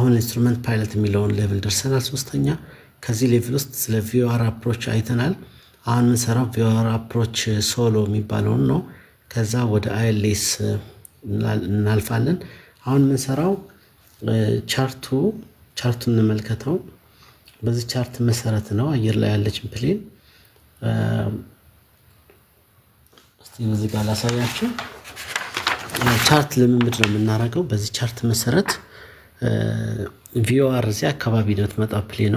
አሁን ኢንስትሩመንት ፓይለት የሚለውን ሌቭል ደርሰናል። ሶስተኛ ከዚህ ሌቭል ውስጥ ስለ ቪዋር አፕሮች አይተናል። አሁን የምንሰራው ቪዋር አፕሮች ሶሎ የሚባለውን ነው። ከዛ ወደ አይኤልኤስ እናልፋለን። አሁን የምንሰራው ቻርቱ ቻርቱ እንመልከተው። በዚህ ቻርት መሰረት ነው አየር ላይ ያለችን ፕሌን እስቲ በዚህ ጋር ላሳያችሁ። ቻርት ልምምድ ነው የምናደርገው በዚህ ቻርት መሰረት ቪኦአር እዚህ አካባቢ ነው የምትመጣ ፕሌኗ።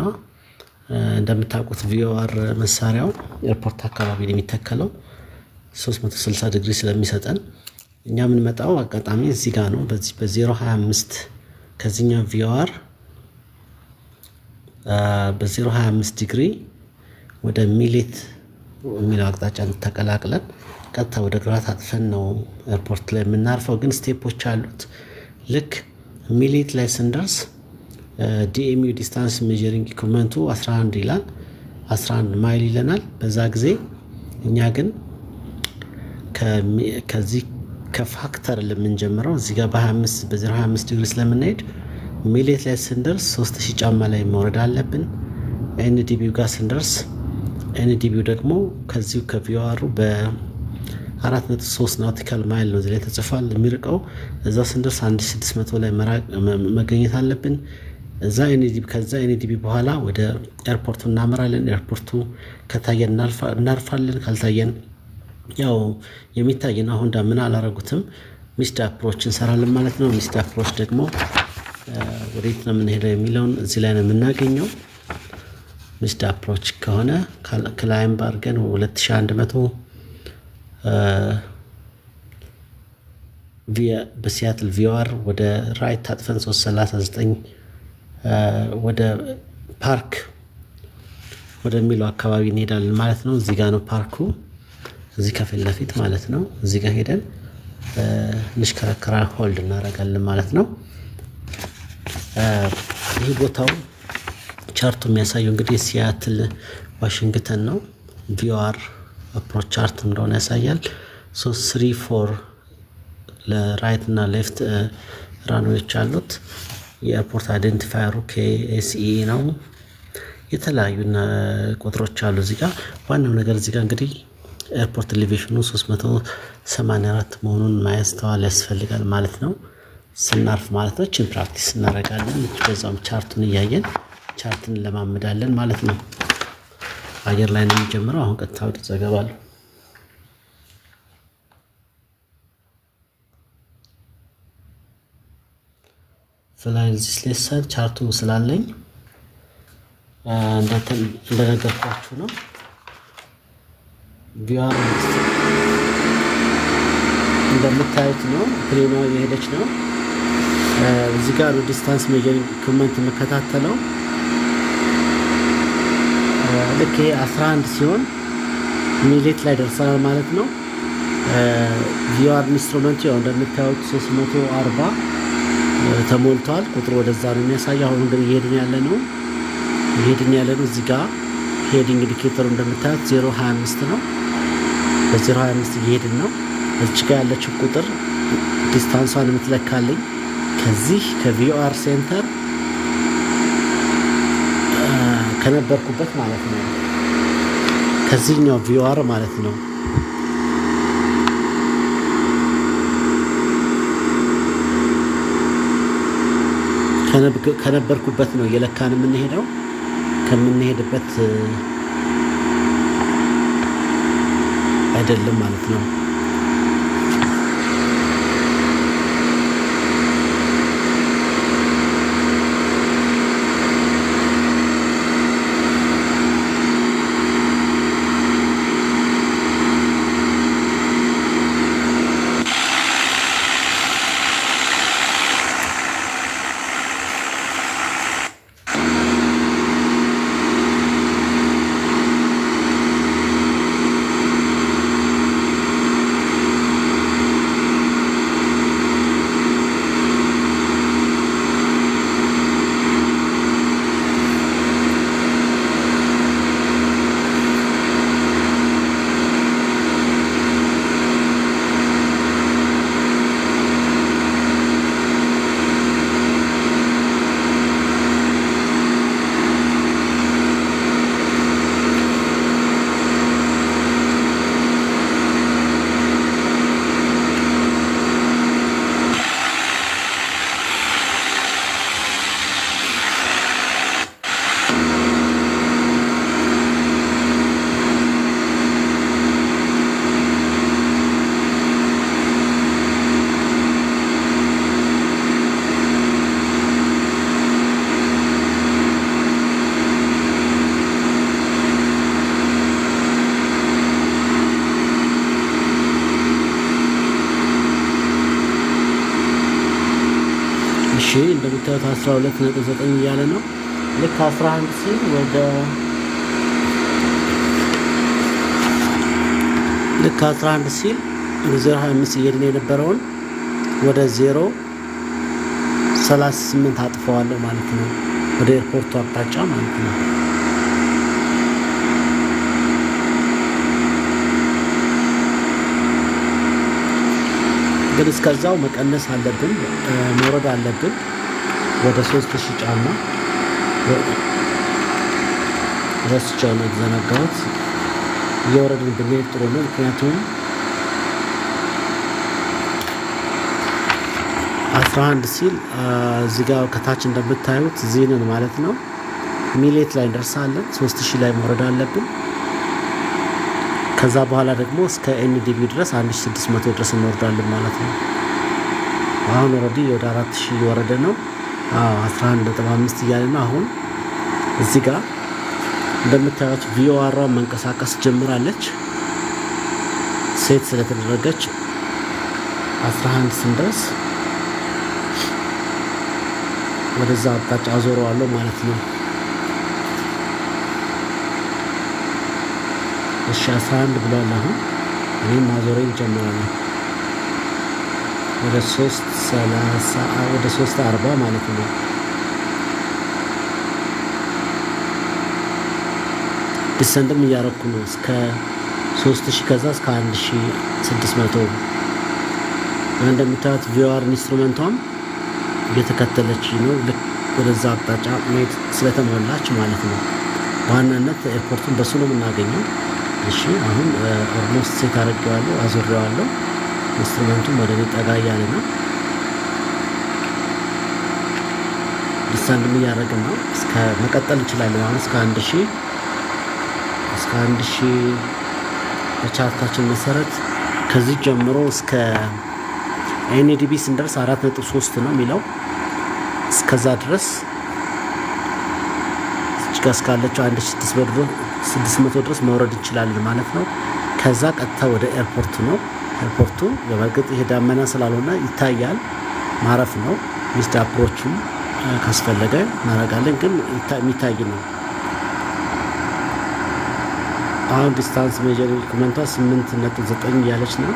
እንደምታውቁት ቪኦአር መሳሪያው ኤርፖርት አካባቢ ነው የሚተከለው 360 ዲግሪ ስለሚሰጠን እኛ የምንመጣው አጋጣሚ እዚህ ጋር ነው በ025 ከዚህኛው ቪኦአር በ025 ዲግሪ ወደ ሚሌት የሚለው አቅጣጫ ተቀላቅለን ቀጥታ ወደ ግራት አጥፈን ነው ኤርፖርት ላይ የምናርፈው። ግን ስቴፖች አሉት ልክ ሚሊት ላይ ስንደርስ ዲኤምዩ ዲስታንስ ሜጀሪንግ ኢኩመንቱ 11 ይላል 11 ማይል ይለናል። በዛ ጊዜ እኛ ግን ከዚህ ከፋክተር ለምንጀምረው እዚህ ጋር በ25 በ25 ዲግሪ ስለምናሄድ ሚሌት ላይ ስንደርስ 3000 ጫማ ላይ መውረድ አለብን። ኤንዲቢው ጋር ስንደርስ ኤንዲቢው ደግሞ ከዚሁ ከቪዋሩ በ አራት ነጥብ ሶስት ናውቲካል ማይል ነው እዚህ ላይ ተጽፏል የሚርቀው። እዛ ስንደርስ አንድ ስድስት መቶ ላይ መገኘት አለብን። እዛ ኤንዲቢ ከዛ ኤንዲቢ በኋላ ወደ ኤርፖርቱ እናመራለን። ኤርፖርቱ ከታየን እናርፋለን። ካልታየን ያው የሚታየን አሁን ዳምና አላረጉትም ሚስድ አፕሮች እንሰራለን ማለት ነው። ሚስድ አፕሮች ደግሞ ወዴት ነው የምንሄደው የሚለውን እዚህ ላይ ነው የምናገኘው። ሚስድ አፕሮች ከሆነ ክላይምብ አድርገን 2100 በሲያትል ቪዋር ወደ ራይት ታጥፈን 339 ወደ ፓርክ ወደሚለው አካባቢ እንሄዳለን ማለት ነው። እዚህ ጋ ነው ፓርኩ፣ እዚህ ከፊት ለፊት ማለት ነው። እዚህ ጋ ሄደን ልሽከረከራ ሆልድ እናደርጋለን ማለት ነው። ይህ ቦታው ቻርቱ የሚያሳየው እንግዲህ ሲያትል ዋሽንግተን ነው ቪዋር አፕሮች ቻርት እንደሆነ ያሳያል። ስሪ ፎር ለራይት እና ሌፍት ራንዌዎች uh, አሉት። የኤርፖርት አይደንቲፋየሩ ኬኤስኢ e ነው። የተለያዩ uh, ቁጥሮች አሉ እዚህ ዋናው ነገር እዚህ እንግዲህ ኤርፖርት ኤሌቬሽኑ 384 መሆኑን ማያስተዋል ያስፈልጋል ማለት ነው። ስናርፍ ማለት ነው። ችን ፕራክቲስ እናደርጋለን። በዛውም ቻርቱን እያየን ቻርትን ለማምዳለን ማለት ነው። አየር ላይ ነው የሚጀምረው። አሁን ቀጥታ ወደ ዘገባ ዘገባለሁ። ፍላይዚስ ሌሰን ቻርቱ ስላለኝ እንደነገርኳችሁ ነው። ቢዋር እንደምታዩት ነው። ፕሌኗ የሄደች ነው። እዚህ ጋር ዲስታንስ ሜጀሪንግ ኢኩፕመንት የምከታተለው ልክ 11 ሲሆን ሚሌት ላይ ደርሰናል ማለት ነው። ቪዋር ኢንስትሩመንቱ ያው እንደምታዩት 340 ተሞልቷል። ቁጥሩ ወደዛ ነው የሚያሳየው። አሁን ግን እየሄድን ያለ ነው እየሄድን ያለ ነው። እዚህ ጋር ሄዲንግ ኢንዲኬተሩ እንደምታዩት 025 ነው። በ025 እየሄድን ነው። እች ጋ ያለችው ቁጥር ዲስታንሷን የምትለካልኝ ከዚህ ከቪኦአር ሴንተር ከነበርኩበት ማለት ነው ከዚህኛው ቪዋር ማለት ነው ከነበርኩበት ነው የለካን የምንሄደው ከምንሄድበት አይደለም ማለት ነው። 12.9 እያለ ነው። ልክ 11 ሲል ወደ ልክ 11 ሲል ወደ 025 እየድን የነበረውን ወደ 038 አጥፈዋለሁ ማለት ነው። ወደ ኤርፖርቱ አቅጣጫ ማለት ነው። ግን እስከዛው መቀነስ አለብን፣ መውረድ አለብን። ወደ ሶስት ሺ ጫማ ረስቻለሁ። የተዘናጋሁት እየወረድን ብንሄድ ጥሩ ነው። ምክንያቱም አስራ አንድ ሲል እዚህ ጋር ከታች እንደምታዩት ዜንን ማለት ነው ሚሌት ላይ እንደርሳለን። ሶስት ሺህ ላይ መውረድ አለብን። ከዛ በኋላ ደግሞ እስከ ኤንዲቪ ድረስ 1600 ድረስ እንወርዳለን ማለት ነው። አሁን ኦልሬዲ ወደ 4000 እየወረደ ነው። አስራ አንድ አሁን እዚህ ጋር እንደምታዩት ቪኦአሯ መንቀሳቀስ ጀምራለች። ሴት ስለተደረገች አስራ ስንደርስ ወደዛ አቅጣጫ አዞረዋለሁ ማለት ነው። እሺ አስራ አንድ ብለዋል። አሁን እኔም ማዞሬ ጀምራለሁ። ወደ ሶስት ወደ ሶስት አርባ ማለት ነው። ዲሰንትም እያረኩ ነው እስከ ሶስት ሺህ ከዛ እስከ አንድ ሺህ ስድስት መቶ እንደምታዩት ቪዋር ኢንስትሩመንቷም እየተከተለች ነው። ልክ ወደዛ አቅጣጫ ማየት ስለተሞላች ማለት ነው። በዋናነት ኤርፖርቱን በሱ ነው የምናገኘው። እሺ አሁን ኦልሞስት ሴት አድርጌዋለሁ፣ አዙሬዋለሁ። ኢንስትሩመንቱም ወደ ጠጋ እያለ ነው። ዲሳንድም እያደረግን ነው። እስከ መቀጠል እንችላለን። አሁን እስከ አንድ ሺህ እስከ አንድ ሺህ በቻርታችን መሰረት ከዚህ ጀምሮ እስከ ኤንዲቢ ስንደርስ አራት ነጥብ ሶስት ነው የሚለው እስከዛ ድረስ እጅጋ እስካለችው አንድ ስድስት መቶ ድረስ መውረድ እንችላለን ማለት ነው። ከዛ ቀጥታ ወደ ኤርፖርት ነው። ኤርፖርቱ በእርግጥ ይሄ ዳመና ስላልሆነ ይታያል። ማረፍ ነው ሚስድ አፕሮቹም ካስፈለገ እናደርጋለን፣ ግን የሚታይ ነው። አሁን ዲስታንስ ሜጀር ኮመንቷ ስምንት ነጥብ ዘጠኝ እያለች ነው።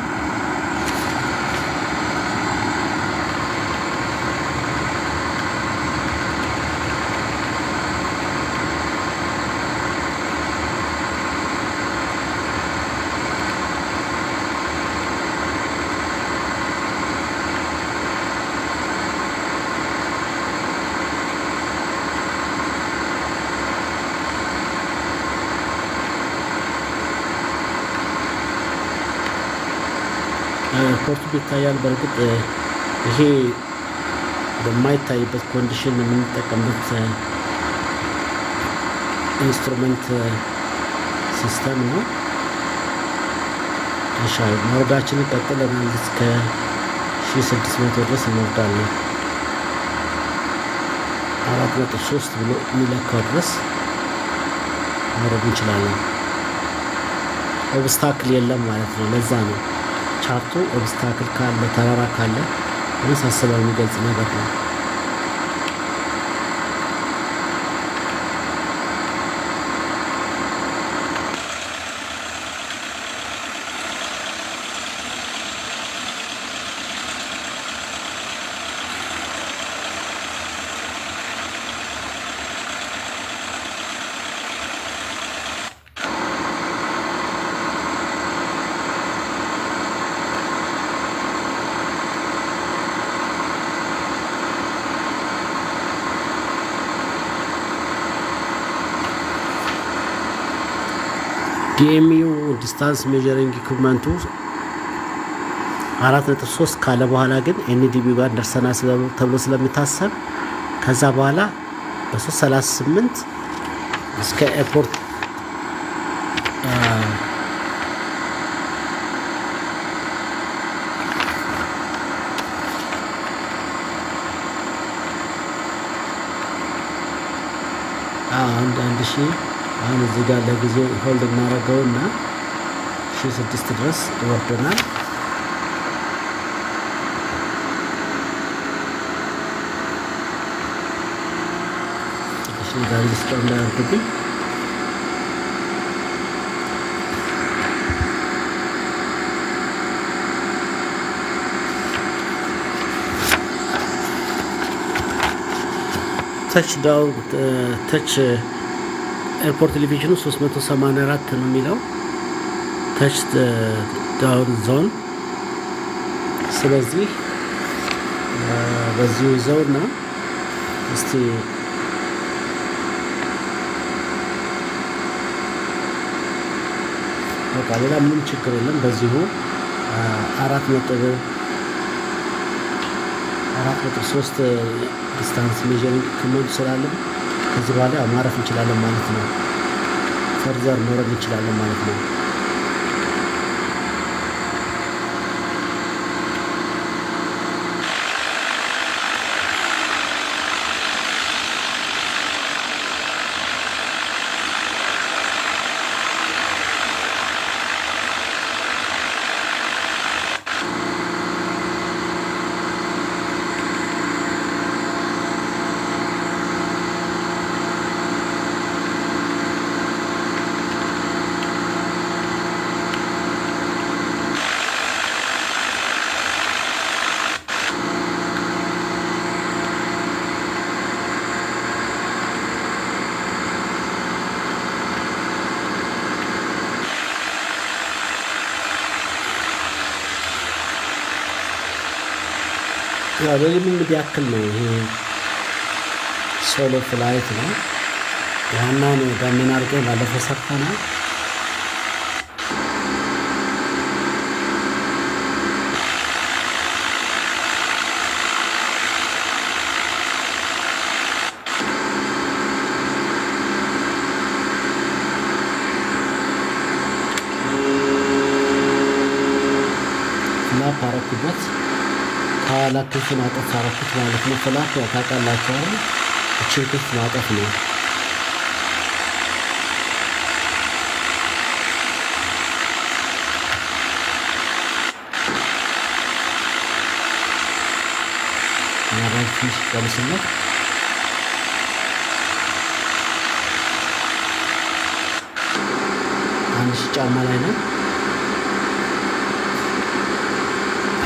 በደንብ ይታያል። በእርግጥ ይሄ በማይታይበት ኮንዲሽን የምንጠቀምበት ኢንስትሩመንት ሲስተም ነው። እሺ መውረዳችንን ቀጥለናል። እስከ 1600 ድረስ እንወርዳለን። አራት ነጥብ ሶስት ብሎ የሚለካው ድረስ መውረድ እንችላለን። ኦብስታክል የለም ማለት ነው። ለዛ ነው ቻርቶ ኦብስታክል ካለ ተራራ ካለ ሳስበው የሚገልጽ ነገር ነው። ዲኤምዩ ዲስታንስ ሜጀሪንግ ኢኩፕመንቱ አራት ነጥብ ሶስት ካለ በኋላ ግን ኤንዲቢ ጋር ደርሰና ተብሎ ስለሚታሰብ ከዛ በኋላ በሶስት ሰላሳ ስምንት እስከ ኤርፖርት አንድ አንድ ሺህ እሱን እዚህ ጋር ለጊዜው ሆልድ እናደርገው እና ሺ ስድስት ድረስ ይወርደናል። ትንሽ ጋር ስጠው እንዳያርግብኝ ተች ዳውን ተች ኤርፖርት ቴሌቪዥኑ 384 ነው የሚለው ተች ዳውን ዞን። ስለዚህ በዚሁ ይዘውና እስቲ በቃ ሌላ ምንም ችግር የለም። በዚሁ አራት ነጥብ አራት ነጥብ ሶስት ዲስታንስ ሜዥሪንግ ክመንት ስላለን ከዚህ በኋላ ማረፍ እንችላለን ማለት ነው። ፈርዘር መውረድ እንችላለን ማለት ነው። ለልምምድ ያክል ነው። ይሄ ሶሎ ፍላይት ነው። ዋናውን ደመና አድርገን ባለፈው ሰርተናል። ፍላት ክፍ ማጠፍ ሳረኩት ማለት ነው። ፍላት ታውቃላችሁ አይደል? ክፍ ማጠፍ ነው። ፊሽ ቀምስነት አንድ ጫማ ላይ ነው።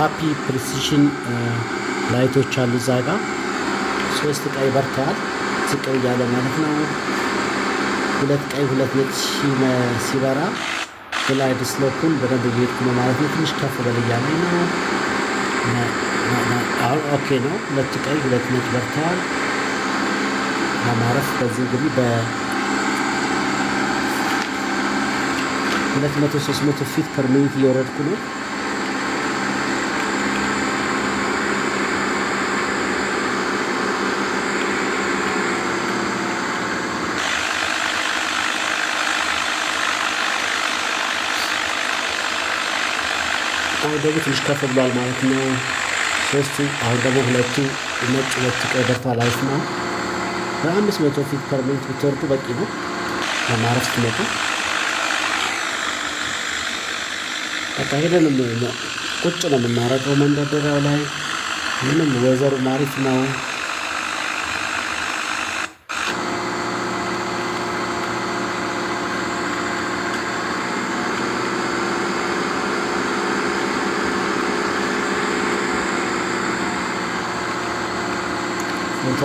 ካፒ ፕሪሲሽን ላይቶች አሉ እዛ ጋ ሶስት ቀይ በርተዋል። ዝቅብ እያለ ማለት ነው። ሁለት ቀይ ሁለት ነጭ ሲበራ ግላይድ ስሎፑን በደንብ እየሄድኩ ነው ማለት ነው። ትንሽ ከፍ በል እያለ ነው። አሁን ኦኬ ነው። ሁለት ቀይ ሁለት ነጭ በርተዋል ለማረፍ በዚህ እንግዲህ በ ሁለት መቶ ሶስት መቶ ፊት ፐር ሚኒት እየወረድኩ ነው። አሁን ደግሞ ትንሽ ከፍ ብሏል ማለት ነው። ሶስቱ አሁን ደግሞ ሁለቱ ነጭ ሁለቱ ቀይ ደርቷል ማለት ነው። በአምስት መቶ ፊት ፐር ሚኒት ብትወርዱ በቂ ነው ለማረፍ ስትመጡ። በቃ ሄደንም ቁጭ ነው የምናረገው መንደርደሪያው ላይ ምንም ወዘሩ ማሪፍ ነው።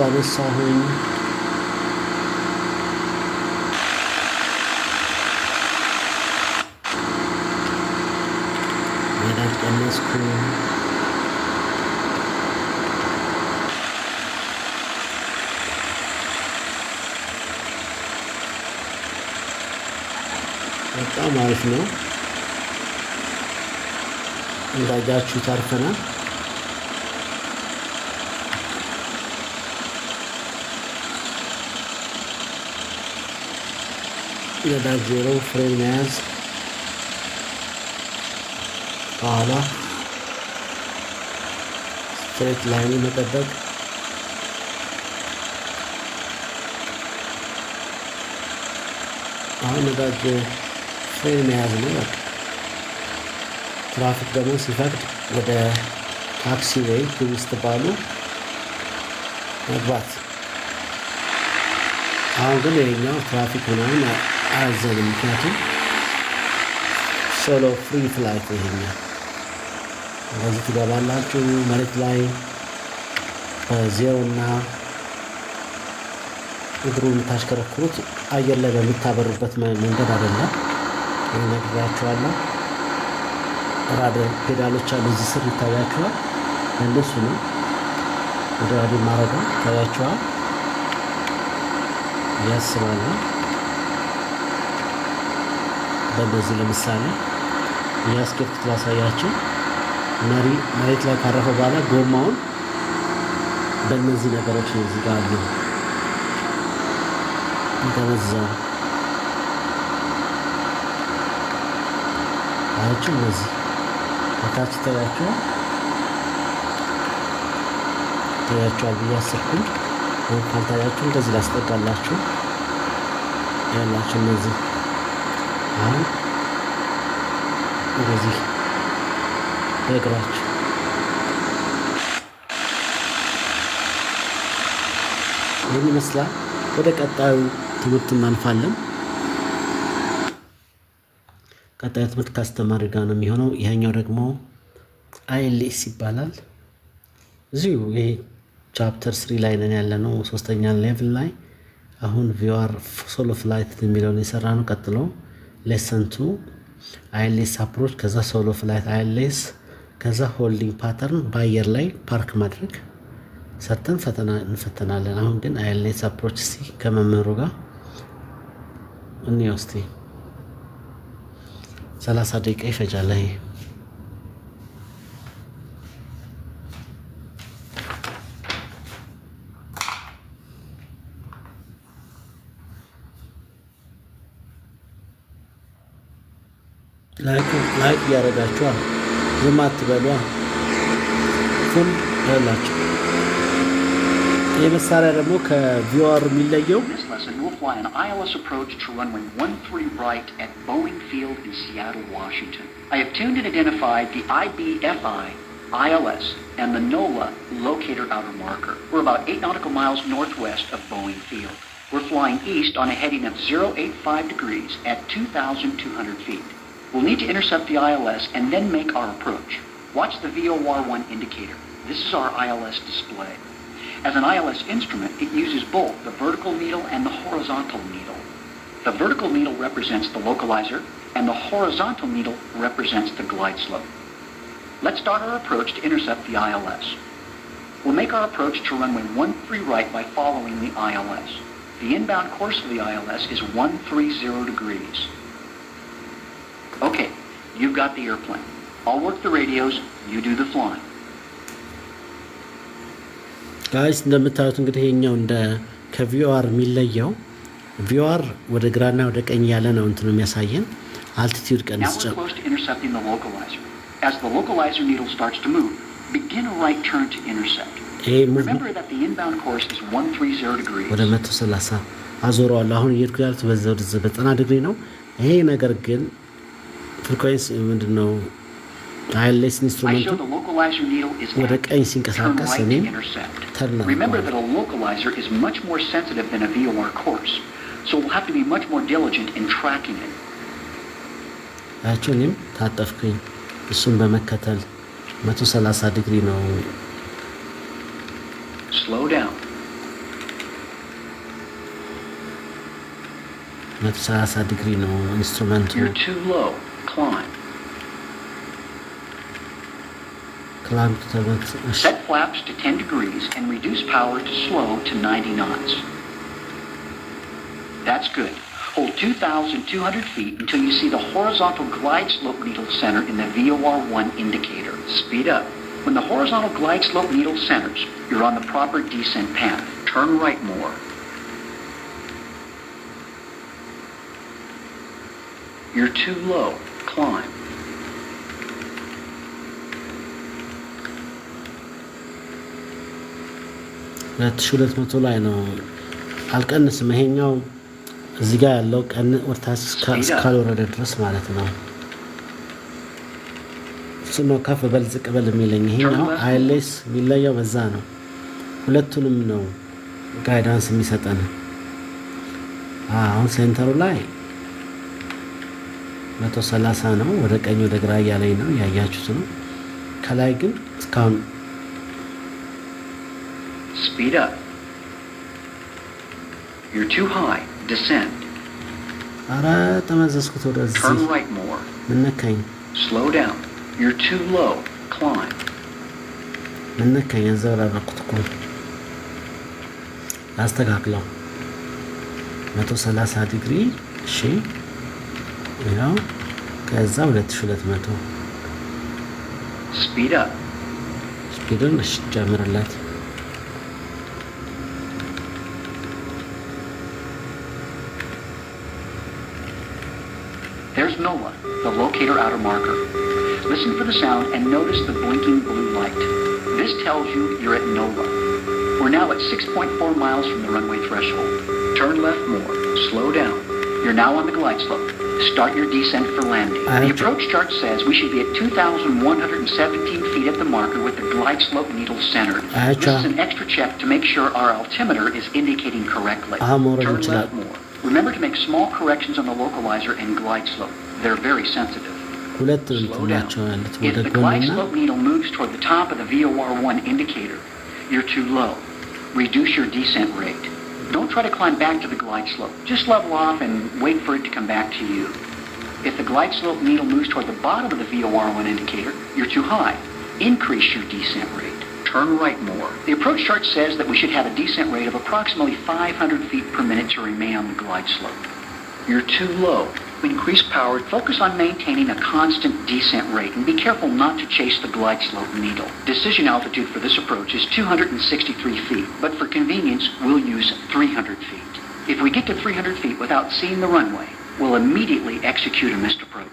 atravessar a ruína. direkt MS Cream. በጣም አሪፍ ነው። እንዳያችሁ ተርፈናል። የዳዜሮው ፍሬ መያዝ ከኋላ ስትሬት ላይን መጠበቅ አሁን ነዳጅ ፍሬ መያዝ ነው። በቃ ትራፊክ ደግሞ ሲፈቅድ ወደ ታክሲ ወይ ውስጥ ባሉ መግባት። አሁን ግን የኛው ትራፊክ ምናምን አያዘንም። ምክንያቱም ሶሎ ፍሪ ፍላይት ይሄኛል። እንደዚህ ትገባላችሁ መሬት ላይ በዜሮ እና እግሩ የምታሽከረክሩት አየር ላይ በምታበሩበት መንገድ አይደለም። ይህ ነግራችኋለሁ። ራድ ፔዳሎች አሉ እዚህ ስር ይታያችኋል። እንደሱ ነው ወደ ራድ ማረጋ ይታያችኋል ያስባለሁ በእንደዚህ ለምሳሌ እያስኬድኩት ላሳያችሁ። መሬት ላይ ካረፈ በኋላ ጎማውን በእነዚህ ነገሮች ነው እዚህ ጋር አለው ተበዛ አያችሁ። እነዚህ ከታች ይታያችኋል ይታያችኋል ብዬ አስርኩኝ። ካልታያችሁ እንደዚህ ላስጠጋላችሁ ያላችሁ እነዚህ እንደዚህ ይህን ይመስላል። ወደ ቀጣዩ ትምህርት እናልፋለን። ቀጣዩ ትምህርት ከአስተማሪ ጋር ነው የሚሆነው። ይሄኛው ደግሞ አይኤልኤስ ይባላል። እዚሁ ይሄ ቻፕተር ስሪ ላይ ነን ያለ ነው፣ ሶስተኛ ሌቭል ላይ አሁን ቪዋር ሶሎ ፍላይት የሚለውን የሰራ ነው። ሌሰን ቱ አይሌስ አፕሮች ከዛ ሶሎ ፍላይት አይሌስ ከዛ ሆልዲንግ ፓተርን በአየር ላይ ፓርክ ማድረግ ሰርተን ፈተና እንፈተናለን። አሁን ግን አይሌስ አፕሮች እስቲ ከመምህሩ ጋር እንየው እስቲ። ሰላሳ ደቂቃ ይፈጃል ይሄ In this lesson, we'll an ILS approach to Runway 13 ፉል at Boeing Field in Seattle, Washington. I have tuned and identified the IBFI ILS and the NOLA locator outer marker. We're about 8 nautical miles northwest of Boeing Field. We're flying east on a heading of 085 degrees at 2,200 feet. We'll need to intercept the ILS and then make our approach. Watch the VOR1 indicator. This is our ILS display. As an ILS instrument, it uses both the vertical needle and the horizontal needle. The vertical needle represents the localizer, and the horizontal needle represents the glide slope. Let's start our approach to intercept the ILS. We'll make our approach to runway 13 right by following the ILS. The inbound course of the ILS is 130 degrees. Okay, you've got the airplane. I'll work the radios, you do the flying. ጋይስ እንደምታዩት እንግዲህ ይሄኛው እንደ ከቪኦአር የሚለየው ቪኦአር ወደ ግራና ወደ ቀኝ ያለ ነው እንትኑ የሚያሳየን። አልቲቲዩድ ቀንስ ጨ ወደ መቶ ሰላሳ አዞረዋለሁ። አሁን እየሄድኩ ያሉት በዛ ወደ ዘጠና ዲግሪ ነው። ይሄ ነገር ግን ፍሪኮንስ ምንድን ነው? ሀይልስ ኢንስትሩመንቱ ወደ ቀኝ ሲንቀሳቀስ እኔም ተርና ያቸው እኔም ታጠፍኩኝ። እሱን በመከተል 130 ዲግሪ ነው። መቶ ሰላሳ ዲግሪ ነው ኢንስትሩመንቱ climb. Climb to the next. Set flaps to 10 degrees and reduce power to slow to 90 knots. That's good. Hold 2,200 feet until you see the horizontal glide slope needle center in the VOR1 indicator. Speed up. When the horizontal glide slope needle centers, you're on the proper descent path. Turn right more. You're too low. climb. ሁለት ሺህ ሁለት መቶ ላይ ነው። አልቀንስም። ይሄኛው እዚህ ጋር ያለው ቀን ወርታስ እስካልወረደ ድረስ ማለት ነው። እሱ ነው ከፍ በል ዝቅ በል የሚለኝ። ይሄኛው አይሌስ የሚለየው በዛ ነው። ሁለቱንም ነው ጋይዳንስ የሚሰጠን አሁን ሴንተሩ ላይ መቶ ሰላሳ ነው። ወደ ቀኝ ወደ ግራ እያለኝ ነው፣ ያያችሁት ነው። ከላይ ግን እስካሁን ስፒድ አፕ ዩር ቱ ሃይ ዲሰንድ። አረ ተመዘዝኩት ወደዚህ። ምነካኝ ነካኝ? ስሎው ዳውን ዩር ቱ ሎው እኮ አስተካክለው። መቶ ሰላሳ ዲግሪ እሺ ይኸው ከዛ 2200 ስፒድ አፕ ስፒድን እሺ ጨምርላት። There's NOLA, the locator outer marker. Listen for the sound and notice the blinking blue light. This tells you you're at NOLA. We're now at 6.4 miles from the runway threshold. Turn left more. Slow down. You're now on the glide slope. Start your descent for landing. the approach chart says we should be at 2,117 feet at the marker with the glide slope needle centered. This is an extra check to make sure our altimeter is indicating correctly. Ah, Turn left more. Remember to make small corrections on the localizer and glide slope. They're very sensitive. Slow down. If the glide slope needle moves toward the top of the VOR1 indicator, you're too low. Reduce your descent rate. Don't try to climb back to the glide slope. Just level off and wait for it to come back to you. If the glide slope needle moves toward the bottom of the VOR1 indicator, you're too high. Increase your descent rate. Turn right more. The approach chart says that we should have a descent rate of approximately 500 feet per minute to remain on the glide slope. You're too low increase power, focus on maintaining a constant descent rate and be careful not to chase the glide slope needle. Decision altitude for this approach is 263 feet, but for convenience, we'll use 300 feet. If we get to 300 feet without seeing the runway, we'll immediately execute a missed approach.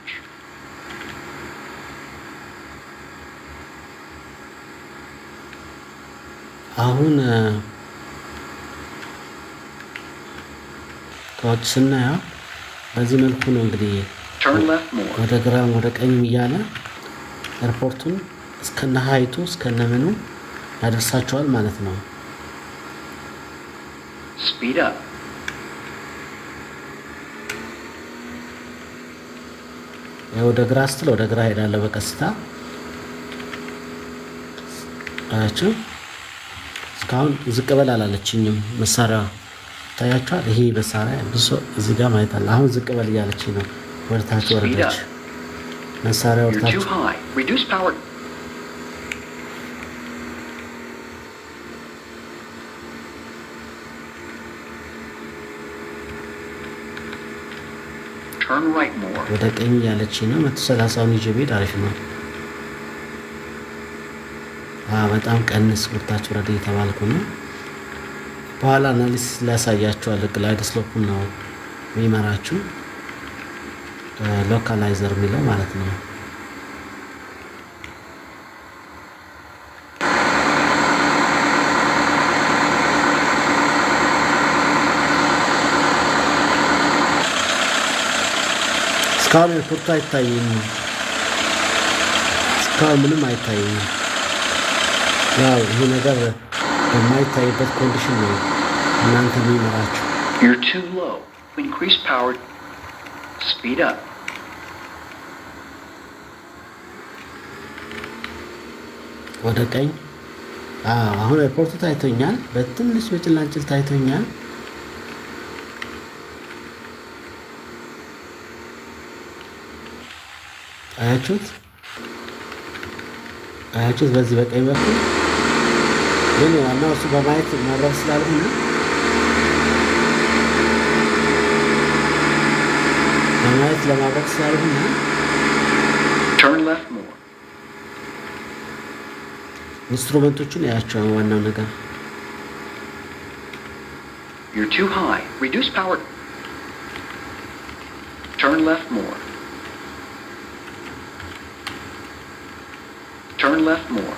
아우나 더 쳤나요? በዚህ መልኩ ነው እንግዲህ ወደ ግራም ወደ ቀኝም እያለ ኤርፖርቱን እስከነ ሀይቱ እስከነ ምኑ ያደርሳቸዋል ማለት ነው። ወደ ግራ ስትል ወደ ግራ ሄዳለሁ በቀስታ አያችሁ። እስካሁን ዝቅ በል አላለችኝም መሳሪያዋ። ታያቸዋል። ይሄ መሳሪያ ብሶ እዚህ ጋር ማየት አለ። አሁን ዝቅ በል እያለች ነው። ወርታች ወረደች መሳሪያ ወርታች ወደ ቀኝ እያለች ነው። መቶ ሰላሳውን ይዤ ብሄድ አሪፍ ነው። በጣም ቀንስ፣ ወርታች ወረደ እየተባልኩ ነው። በኋላ አናሊስ ሊያሳያችኋል። ግላይድ ስሎፕ ነው የሚመራችሁ ሎካላይዘር የሚለው ማለት ነው። እስካሁን ሪፖርቱ አይታይም። እስካሁን ምንም አይታይም። ያው ይህ ነገር የማይታይበት ኮንዲሽን ነው። እናንተ ነው ይመራችሁ። You're too low. Increase power. Speed up. ወደ ቀኝ አሁን ኤርፖርቱ ታይቶኛል። በትንሽ በጭላንጭል ታይቶኛል። አያችሁት? አያችሁት? በዚህ በቀኝ በኩል ግን ዋናው እሱ በማየት መረብ ስላልሆነ ራይት ለማድረግ ስላልሆነ ኢንስትሩመንቶቹን ያያቸው ዋናው ነገር You're too high. Reduce power. Turn left more. Turn left more.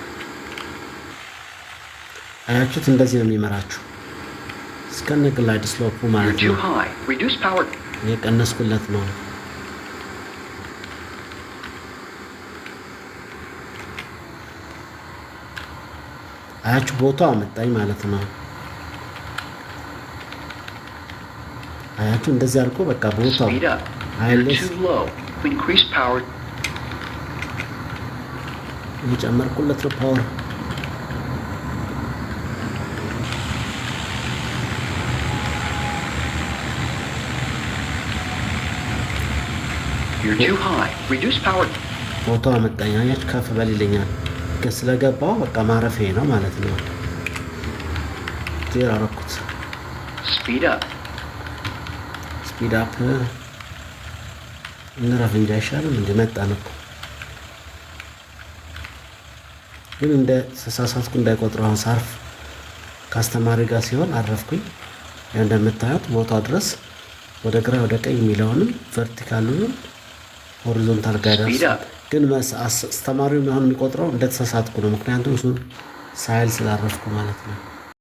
አያችሁት? እንደዚህ ነው የሚመራችሁ እስከነ ግላይድ ስሎፑ ማለት ነው። የቀነስኩለት ነው። አያችሁ ቦታው አመጣኝ ማለት ነው። አያችሁ እንደዚህ አድርጎ በቃ ቦታው የጨመርኩለት ነው ፓወር ቦታው አመጣኝ አያችሁ ከፍ በል ይለኛል። ስለገባው በቃ ማረፌ ነው ማለት ነው። ዜር አረኩት። ስፒድ አፕ ስፒድ አፕ እንረፍ እንጂ አይሻልም? እንዲመጣን እኮ ግን እንደ ተሳሳትኩ እንዳይቆጥሩ። አሁን ሳርፍ ከአስተማሪ ጋር ሲሆን አረፍኩኝ። ያው እንደምታዩት ቦታ ድረስ ወደ ግራ ወደ ቀኝ የሚለውንም ቨርቲካሉንም ሆሪዞንታል ጋይዳንስ ግን አስተማሪው አሁን የሚቆጥረው እንደተሳሳትኩ ነው። ምክንያቱም ሳይል ስላረፍኩ ማለት ነው።